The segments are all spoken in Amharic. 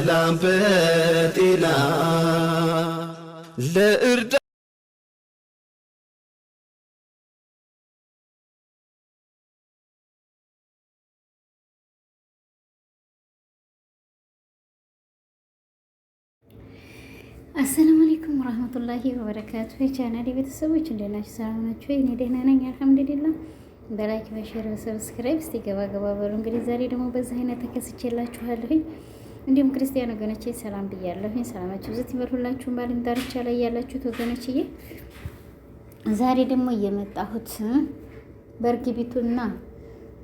በሰላም በጤና ለእርዳ አሰላሙ አለይኩም ወራህመቱላሂ ወበረካቱ። የቻናሌ ቤተሰቦች እንዴት ናችሁ? ሰላም ናችሁ? እኔ ደህና ነኝ አልሐምዱሊላህ። በላይክ በሼር በሰብስክራይብ እስቲ ገባ ገባ በሉ። እንግዲህ ዛሬ ደግሞ በዚህ አይነት ተከስቼላችኋለሁ። እንዲሁም ክርስቲያን ወገኖቼ ሰላም ብያለሁ። ሰላማችሁ ብዝት ይበል። ሁላችሁም ዳርቻ ላይ ያላችሁት ወገኖችዬ ዛሬ ደግሞ እየመጣሁት በእርግቢቱና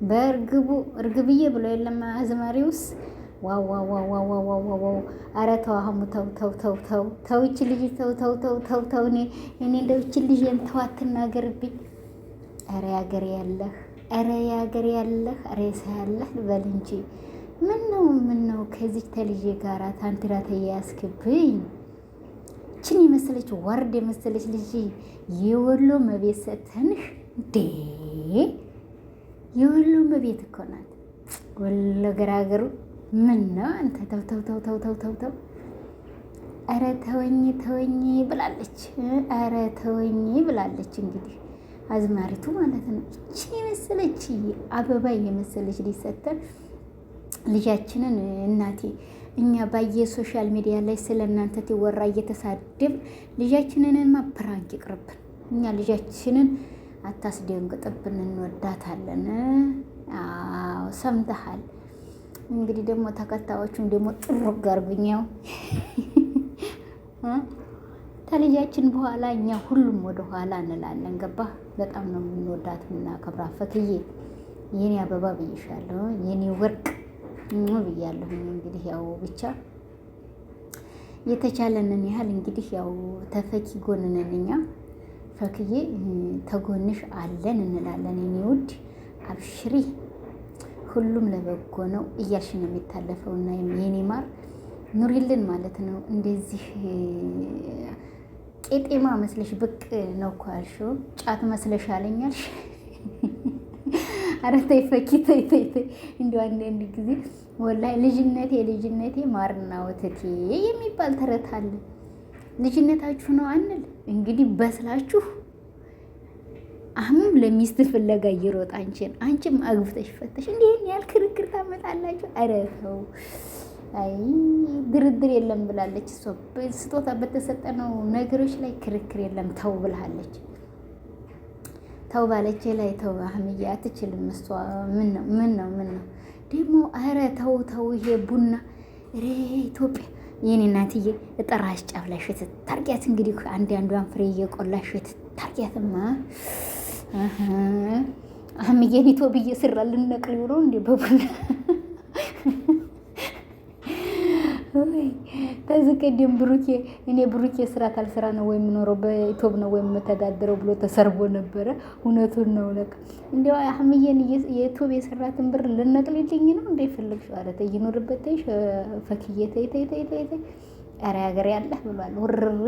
በእርግቡ እርግብዬ ብሎ የለም አዝማሪውስ ዋዋዋዋዋዋዋዋው ኧረ ተው አህሙ ተው ተው ተው ተው ተው ይችን ልጅ ተው ተው ተው ተው ተው እኔ እኔ እንደው ይችን ልጅ ተው አትናገርብኝ። ኧረ ያገር ያለህ ኧረ ያገር ያለህ ሬሳ ያለህ ልበል እንጂ ምን ነው ምን ነው ከዚህ ተልዬ ጋራ ታንትራ ተያያዝክብኝ? ችን የመሰለች ወርድ የመሰለች ልጅ የወሎ መቤት ሰተንህ እንዴ! የወሎ መቤት እኮ ናት። ወሎ ገራገሩ ምን ነው አንተ ተው ተው ተው ተው ተው ተው ተው አረ ተወኝ ተወኝ ብላለች። አረ ተወኝ ብላለች። እንግዲህ አዝማሪቱ ማለት ነው። እቺ የመሰለች አበባ የመሰለች ሊሰተን ልጃችንን እናቴ እኛ ባየ ሶሻል ሚዲያ ላይ ስለ እናንተ ትወራ እየተሳደብ ልጃችንንማ ፕራንክ ይቅርብን። እኛ ልጃችንን አታስደንግጥብን፣ እንወዳታለን። አዎ ሰምተሃል። እንግዲህ ደግሞ ተከታዮቹም ደግሞ ጥሩ ጋርብኛው ከልጃችን በኋላ እኛ ሁሉም ወደኋላ እንላለን። ገባ በጣም ነው የምንወዳት ምናከብራ ፈክዬ፣ የኔ አበባ ብይሻለሁ፣ የኔ ወርቅ ብያለሁኝ። እንግዲህ ያው ብቻ የተቻለንን ያህል እንግዲህ ያው ተፈኪ ጎንነን እኛ ፈክዬ ተጎንሽ አለን እንላለን። የኔ ውድ አብሽሪ፣ ሁሉም ለበጎ ነው እያልሽ ነው የሚታለፈው እና የኔ ማር ኑሪልን ማለት ነው። እንደዚህ ቄጤማ መስለሽ ብቅ ነው እኮ ያልሽው ጫት መስለሽ አለኛልሽ ኧረ ተይ ፈኪ ተይ ተይ ተይ። እንደው አንዳንድ ጊዜ ወላሂ ልጅነቴ ልጅነቴ ማርና ወተቴ የሚባል ተረት አለ። ልጅነታችሁ ነው አንል እንግዲህ በስላችሁ አሁንም ለሚስት ፍለጋ እየሮጥ አንቺን አንቺም አግብተሽ ፈተሽ እንዲህን ያህል ክርክር ታመጣላችሁ። ኧረ ተው አይ ድርድር የለም ብላለች እሷ። ስጦታ በተሰጠነው ነገሮች ላይ ክርክር የለም ተው ብላለች። ተው ባለቼ ላይ ተው አህምዬ፣ አትችልም እሷ። ምን ነው ምን ነው ምን ነው ደግሞ? ኧረ ተው ተው፣ ይሄ ቡና ሬ ኢትዮጵያ የኔ እናትዬ፣ እጠራሽ ጫፍ ላይ ሽት ታርቂያት። እንግዲህ አንድ አንዷን ፍሬ እየቆላሽ ሽት ታርቂያትማ። አህምዬ ኔቶ ብዬ ስራ ልነቅል ብሎ እንዴ በቡና ከዚህ ቀደም ብሩኬ እኔ ብሩኬ ስራ ካልስራ ነው ወይም የምኖረው በኢትዮብ ነው ወይም የምተዳደረው ብሎ ተሰርቦ ነበረ። እውነቱን ነው። ለቅ እንዲያው አህምዬን የኢትዮብ የሰራትን ብር ልነቅልልኝ ነው እንደ ይፈልግሽ ማለት እይኖርበት ተይሽ ፈክዬ ተይ ተይ ተይ ተይ ተይ ኧረ ሀገር ያለህ ብሏል። ውርሬ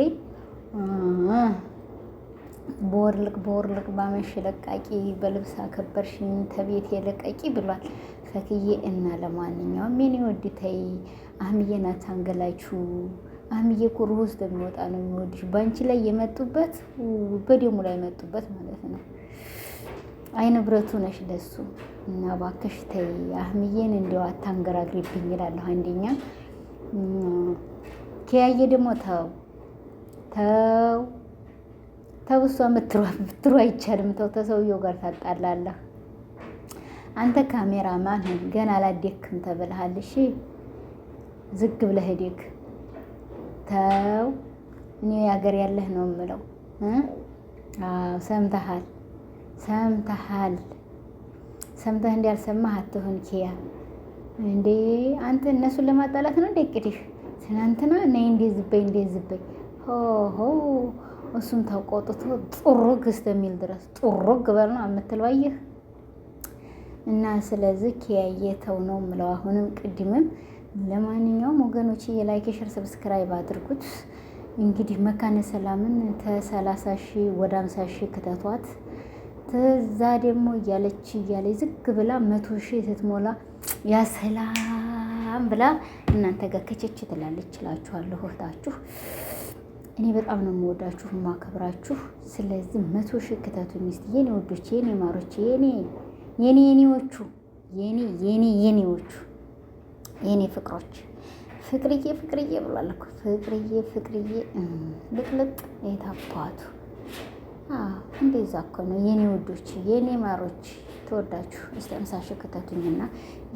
በወርልቅ በወርልቅ ባመሽ ለቃቂ በልብስ አከበርሽኝ ተቤት የለቀቂ ብሏል። ፈክዬ እና ለማንኛውም የኔ ወድታይ አህምዬን አታንገላችሁ። አህምዬ ኩሩ ውስጥ የሚወጣ ነው የሚወድሽ። በአንቺ ላይ የመጡበት በደሙ ላይ የመጡበት ማለት ነው። አይ ንብረቱ ነሽ ለሱ እና ባከሽ ተይ አህምዬን እንዲያው አታንገራግሪብኝ ይላለሁ። አንደኛ ከያየ ደግሞ ተው ተው ተው፣ እሷ ምትሯ አይቻልም። ተው ተሰውየው ጋር ታጣላለህ። አንተ ካሜራማን ገና አላደክም ተብልሃል። እሺ ዝግ ብለህ ሂደግ ተው። እኔ ያገር ያለህ ነው የምለው። አዎ ሰምተሃል፣ ሰምተሃል፣ ሰምተህ እንዳልሰማህ አትሁን ኪያ። እንዴ አንተ እነሱን ለማጣላት ነው እንደ ትናንትና ነይ እንዴ ዝበይ እንዴ ዝበይ ሆሆ እሱም ተቆጥቶ ጥሩግ እስከሚል ድረስ ጥሩግ በል ነው የምትለው። አየህ እና ስለዚህ ከያየተው ነው ምለው አሁንም ቅድምም። ለማንኛውም ወገኖች የላይክ ሸር ሰብስክራይብ አድርጉት። እንግዲህ መካነ ሰላምን ተሰላሳ ሺህ ወደ አምሳ ሺህ ክተቷት ትዛ ደግሞ እያለች እያለ ዝግ ብላ መቶ ሺህ ስትሞላ ያሰላም ብላ እናንተ ጋር ከቸች ትላለች። እላችኋለሁ እህታችሁ እኔ በጣም ነው የምወዳችሁ የማከብራችሁ። ስለዚህ መቶ ሺህ ክተቱ ሚስት የኔ ወዶች፣ የኔ ማሮች፣ የኔ የኔ የኔዎቹ የኔ የኔ የኔዎቹ የኔ ፍቅሮች ፍቅርዬ ፍቅርዬ ብሏል እኮ ፍቅርዬ ፍቅርዬ ልቅልቅ የታባቱ እንደዛ እኮ ነው የኔ ውዶች የኔ ማሮች ተወዳችሁ እስቲ አምሳሽ ክተቱኝና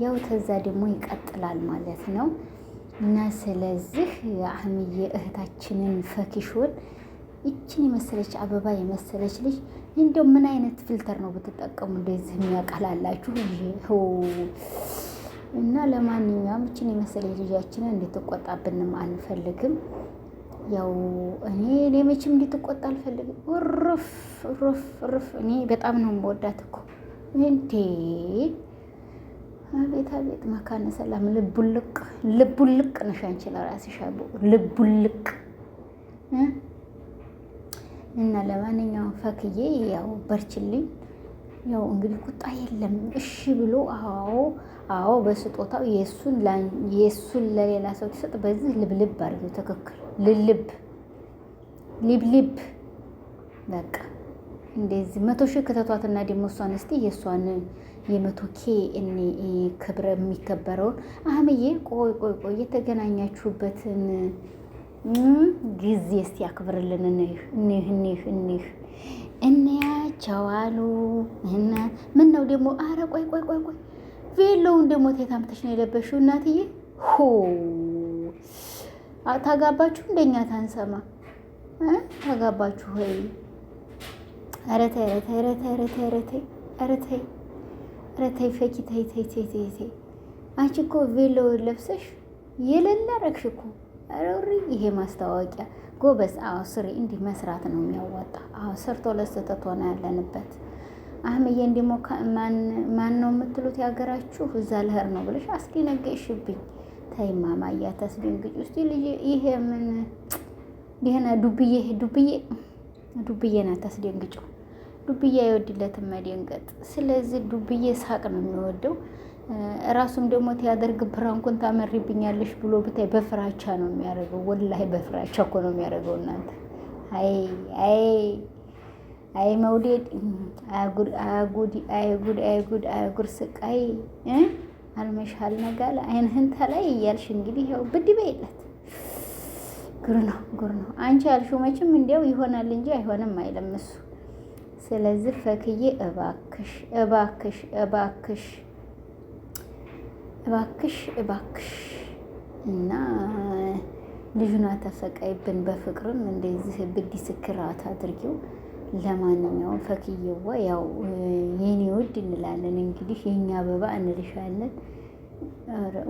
ያው ተዛ ደግሞ ይቀጥላል ማለት ነው እና ስለዚህ አህምዬ እህታችንን ፈኪሾን ይችን የመሰለች አበባ የመሰለች ልጅ እንደው ምን አይነት ፊልተር ነው ብትጠቀሙ እንደዚህ የሚያቀላላችሁ እና ለማንኛውም እችን የመሰለች ልጃችንን እንድትቆጣብንም አንፈልግም። ያው እኔ እኔ መቼም እንድትቆጣ አልፈልግም። ሩፍ ሩፍ ሩፍ እኔ በጣም ነው የምወዳት እኮ እንዴ! አቤት አቤት፣ መካነ ሰላም ልቡልቅ ልቡልቅ ነሽ አንቺ ለራስሽ ልቡልቅ እና ለማንኛውም ፈክዬ ያው በርችልኝ። ያው እንግዲህ ቁጣ የለም እሺ ብሎ አዎ አዎ በስጦታው የእሱን ለሌላ ሰው ትሰጥ። በዚህ ልብልብ አድርጊው። ትክክል ልልብ ሊብሊብ በቃ እንደዚህ መቶ ሺህ ክተቷትና ደግሞ እሷን እስቲ የእሷን የመቶ ኬ እኔ ክብረ የሚከበረውን አህምዬ ቆይ ቆይ ቆይ የተገናኛችሁበትን ጊዜ እስቲ ያክብርልን። እኒህ እኒህ እኒህ እኒህ እንያቸው አሉ እና ምን ነው ደግሞ? አረ ቆይ ቆይ ቆይ ቆይ ቬሎውን ደግሞ ተየት ነው የለበሽው እናትዬ? ሆ ታጋባችሁ? እንደኛ ታንሰማ ታጋባችሁ ወይ? ኧረ ተይ ኧረ ተይ ኧረ ተይ ኧረ ተይ ኧረ ተይ ኧረ ተይ ኧረ ተይ ፈኪ ተይ ተይ ተይ ተይ አንቺ እኮ ቬሎውን ለብሰሽ የሌለ ረግሽ እኮ ረሪ ይሄ ማስታወቂያ ጎበዝ። አዎ ስሪ፣ እንዲህ መስራት ነው የሚያዋጣ። አዎ ሰርቶ ለስተት ሆነ ያለንበት አህምዬ እንዲሞ ማን ነው የምትሉት ያገራችሁ? እዛ ልህር ነው ብለሽ አስደነገጥሽብኝ። ተይ ማማዬ አታስደንግጭ። እስኪ ልጄ ይሄ ምን ደህና ዱብዬ ዱብዬ ዱብዬ ዱብዬን አታስደንግጭው። ዱብዬ አይወድለትም መደንገጥ። ስለዚህ ዱብዬ ሳቅ ነው የሚወደው። ራሱም ደግሞ ትያደርግ ፕራንኩን ታመሪብኛለሽ ብሎ ብታይ በፍራቻ ነው የሚያደርገው። ወላሂ በፍራቻ እኮ ነው የሚያደርገው። እናንተ አይ አይ አይ መውደድ አጉድ አጉድ አጉድ አጉድ አጉድ ስቃይ አልመሻል ነጋለ አይንህን ተላይ እያልሽ እንግዲህ ያው ብድ በይለት ጉር ነው ጉር ነው አንቺ ያልሽው መቼም እንዲያው ይሆናል እንጂ አይሆንም አይለም እሱ። ስለዚህ ፈክዬ እባክሽ እባክሽ እባክሽ እባክሽ እባክሽ እና ልጁን አታሰቃይብን፣ በፍቅርም እንደዚህ ብድ ስክራት አድርጊው። ለማንኛውም ፈክየዋ ያው የኔ ውድ እንላለን እንግዲህ የኛ አበባ እንልሻለን።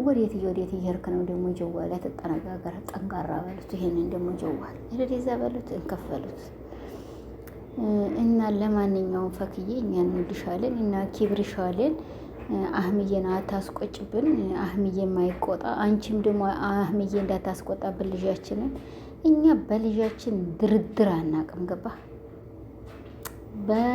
ወዴት ወዴት እየሄድክ ነው ደግሞ ጀዋል? ተጠነጋገር፣ ጠንካራ በሉት። ይሄንን ደግሞ ጀዋል ለዛ በሉት፣ እንከፈሉት እና ለማንኛውም ፈክዬ እኛ እንወድሻለን እና ኪብርሻለን አህምዬን አታስቆጭብን፣ አህምዬ የማይቆጣ አንቺም ደግሞ አህምዬ እንዳታስቆጣብን ልጃችንን። እኛ በልጃችን ድርድር አናቅም፣ ገባ በፈኪ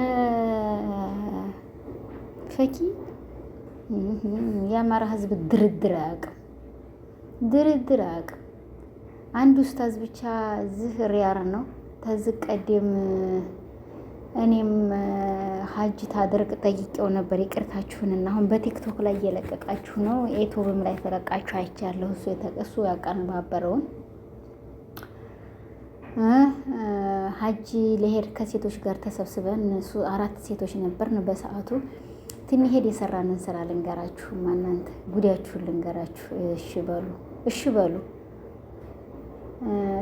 የአማራ ህዝብ ድርድር አያቅም፣ ድርድር አያቅም። አንድ ውስታዝ ብቻ ዝህ ሪያር ነው ተዝህ ቀደም እኔም ሀጅ ታደርግ ጠይቄው ነበር። ይቅርታችሁንና አሁን በቲክቶክ ላይ እየለቀቃችሁ ነው፣ ዩቱብም ላይ ተለቃችሁ አይቻለሁ። እሱ የተቀሱ ያቀነባበረውን ሀጅ ለሄድ ከሴቶች ጋር ተሰብስበን አራት ሴቶች ነበርን በሰዓቱ ትንሄድ የሰራንን ስራ ልንገራችሁ። ማናንተ ጉዳያችሁን ልንገራችሁ። እሺ በሉ፣ እሺ በሉ።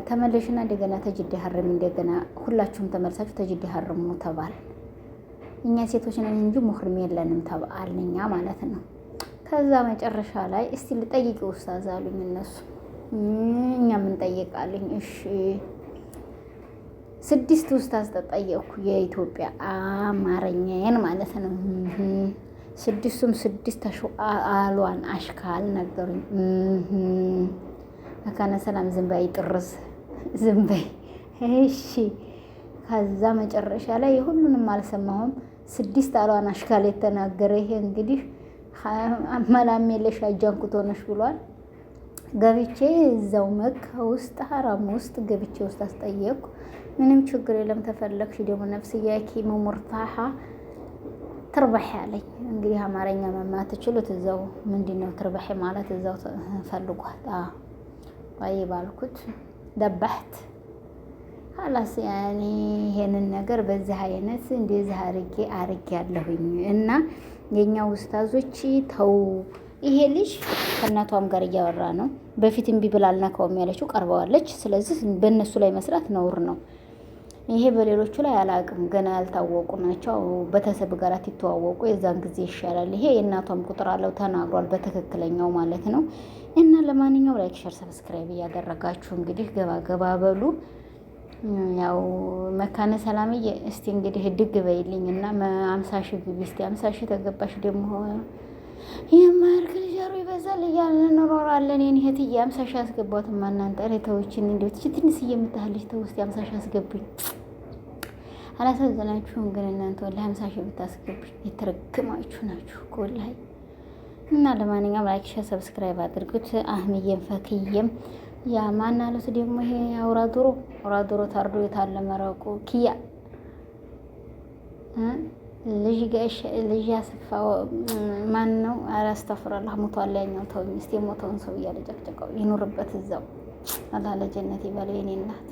ተመለሽና እንደገና ተጅዳ ሀርም እንደገና ሁላችሁም ተመልሳችሁ ተጅዳ ሀርሙ ተባል። እኛ ሴቶች ነን እንጂ ሙህርም የለንም ተባል እኛ ማለት ነው። ከዛ መጨረሻ ላይ እስቲ ልጠይቅ ውስታዝ አሉኝ እነሱ። እኛ ምንጠይቃለኝ? እሺ ስድስት ውስታዝ ተጠየቅኩ። የኢትዮጵያ አማርኛዬን ማለት ነው። ስድስቱም ስድስት አሏን አሽካል ነገሩኝ። መካነ ሰላም ዝንባይ ጥርስ ዝንባይ እሺ። ከዛ መጨረሻ ላይ ሁሉንም አልሰማሁም። ስድስት አሏን አሽካል የተናገረ ይሄ እንግዲህ መላም የለሽ አጃንኩቶ ነሽ ብሏል። ገብቼ እዛው መካ ውስጥ ሀራም ውስጥ ገብቼ ውስጥ አስጠየቅኩ። ምንም ችግር የለም ተፈለግሽ ደግሞ ነፍስያኪ መሙርታሃ ትርባሕ አለኝ። እንግዲህ አማርኛ መማ ትችሉት እዛው ምንድን ነው ትርባሕ ማለት እዛው ፈልጓል። ወይ ባልኩት ደባህት ሀላስ ያኒ ይሄንን ነገር በዚህ አይነት እንደዚህ አርጌ አርጌ ያለሁኝ እና የኛ ውስታዞች ተው። ይሄ ልጅ ከእናቷም ጋር እያወራ ነው። በፊት እምቢ ብላ አልነካውም ያለችው ቀርበዋለች። ስለዚህ በእነሱ ላይ መስራት ነውር ነው። ይሄ በሌሎቹ ላይ አላቅም፣ ገና ያልታወቁ ናቸው። ቤተሰብ ጋር ትተዋወቁ የዛን ጊዜ ይሻላል። ይሄ የእናቷም ቁጥር አለው ተናግሯል፣ በትክክለኛው ማለት ነው። እና ለማንኛው ላይክ፣ ሸር፣ ሰብስክራይብ እያደረጋችሁ እንግዲህ ገባ ገባ በሉ። ያው መካነ ሰላምዬ እስቲ እንግዲህ ድግ በይልኝ እና አምሳ ሺህ ግቢ እስቲ አምሳ ሺህ ተገባሽ ደግሞ የማያርግ ልጃሩ ይበዛል እያልን እንኖራለን። የኔ እህትዬ አምሳ ሺህ አስገቧትማ እናንተ ሬታዎችን እንዲሁ ትንሽ እየምታህልሽ ተውስቲ አምሳ ሺህ አስገብኝ። አላሳዘናችሁም? ግን እናንተ ወላሂ ሀምሳ ሺህ ብታስገቡ የተረግማችሁ ናችሁ እኮ ወላሂ። እና ለማንኛውም ላይክ፣ ሸር፣ ሰብስክራይብ አድርጉት። አህምዬም ፈክዬም ያ ማን አሉት ደግሞ ይሄ አውራ ዶሮ አውራ ዶሮ ታርዶ የታለ መረቁ ኪያ ልጅ ጋሽ ልጅ ያስፋው ማን ነው? አላስተፍራላህ ሙቷል። ያኛው ተው እስቲ የሞተውን ሰው እያለ ጨቅጨቀው ይኑርበት እዛው። አላህ ለጀነት ይበለው የኔ እናት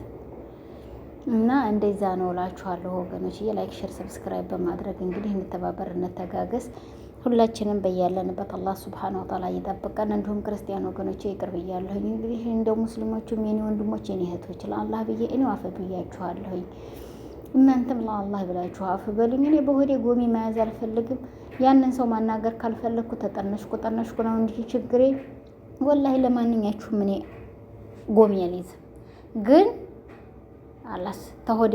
እና እንደዛ ነው እላችኋለሁ ወገኖች። ላይክ፣ ሼር፣ ሰብስክራይብ በማድረግ እንግዲህ እንተባበር፣ እንተጋገዝ። ሁላችንም በያለንበት አላህ ስብሐነ ወተዓላ እየጠበቀን፣ እንዲሁም ክርስቲያን ወገኖች ይቅር ብያለሁኝ። እንግዲህ እንደ ሙስሊሞቹም የኔ ወንድሞች የኔ እህቶች ለአላህ ብዬ እኔ አፈ ብያችኋለሁኝ። እናንተም ለአላህ ብላችሁ አፍ በሉኝ። እኔ በሆዴ ጎሚ መያዝ አልፈልግም። ያንን ሰው ማናገር ካልፈለግኩ ተጠነሽኩ ጠነሽኩ ነው እንዲህ ችግሬ። ወላሂ ለማንኛችሁም እኔ ጎሚ አልይዝም ግን አላስ ተሆዴ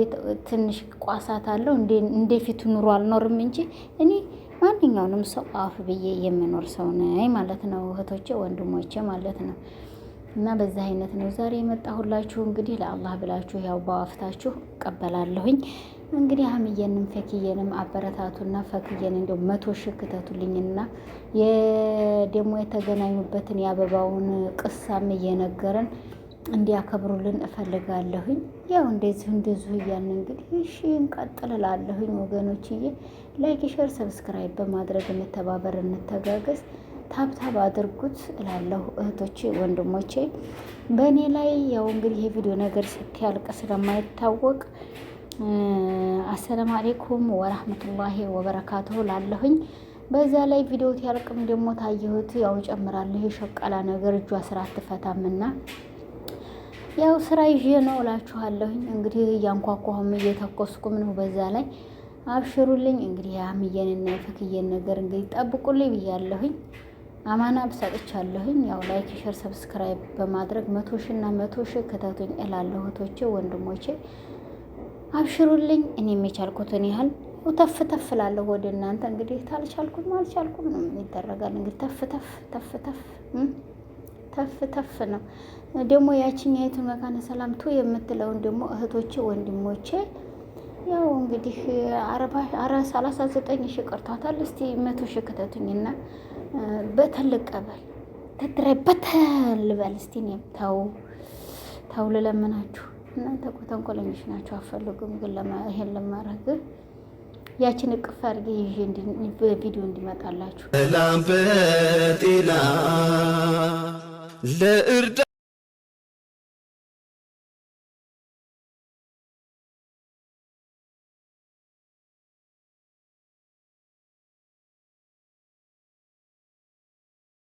ትንሽ ቋሳት አለው እንደ ፊቱ ኑሮ አልኖርም እንጂ እኔ ማንኛውንም ሰው አፍ ብዬ የምኖር ሰው ነኝ ማለት ነው፣ እህቶቼ ወንድሞቼ ማለት ነው። እና በዚህ አይነት ነው ዛሬ የመጣሁላችሁ። እንግዲህ ለአላህ ብላችሁ ያው በዋፍታችሁ እቀበላለሁኝ። እንግዲህ አህምዬንም ፈክዬንም አበረታቱና ፈክዬን እንዲያው መቶ ሺህ ክተቱልኝና ደግሞ የተገናኙበትን የአበባውን ቅሳም እየነገረን እንዲያከብሩልን እፈልጋለሁኝ። ያው እንደዚሁ እንደዚሁ እያልን እንግዲህ እሺ እንቀጥልላለሁኝ እላለሁኝ ወገኖችዬ። ላይክ፣ ሸር፣ ሰብስክራይብ በማድረግ እንተባበር፣ እንተጋገዝ፣ ታብታብ አድርጉት እላለሁ እህቶቼ ወንድሞቼ። በእኔ ላይ ያው እንግዲህ የቪዲዮ ነገር ስትያልቅ ስለማይታወቅ አሰላም አሌይኩም ወራህመቱላሂ ወበረካቱሁ ላለሁኝ። በዛ ላይ ቪዲዮ ያልቅም ደግሞ ታየሁት ያው ጨምራለሁ የሸቀላ ነገር እጇ ስራ አትፈታምና ያው ስራ ይዤ ነው እላችኋለሁኝ። እንግዲህ እያንኳኳሁም እየተኮስኩም ነው በዛ ላይ አብሽሩልኝ። እንግዲህ የአህምዬንና የፈክዬን ነገር እንግዲህ ጠብቁልኝ ብያለሁኝ። አማና ብሰጥቻለሁኝ። ያው ላይክ፣ ሸር፣ ሰብስክራይብ በማድረግ መቶ ሺ እና መቶ ሺ ከታቱኝ እላለሁ። እህቶቼ ወንድሞቼ አብሽሩልኝ። እኔም የቻልኩትን ያህል ተፍ ተፍ እላለሁ ወደ እናንተ። እንግዲህ ታልቻልኩም አልቻልኩም ነው ይደረጋል። እንግዲህ ተፍ ተፍ ተፍ ተፍ ተፍ ተፍ ነው። ደግሞ ያችኛይቱን መካነ ሰላምቱ ቱ የምትለውን ደግሞ እህቶቼ ወንድሞቼ ያው እንግዲህ ሰላሳ ዘጠኝ ሺ ቀርቷታል። እስቲ መቶ ሺ ክተቱኝና በተልቀበል ተትረ በተልበል እስቲ እኔም ተው ተው ልለምናችሁ። እናንተ እኮ ተንኮለኞች ናችሁ፣ አፈልጉም ግን ይሄን ለማድረግ ያችን እቅፍ አድርጌ ይዤ ቪዲዮ እንዲመጣላችሁ ላምበጤላ ለእርዳ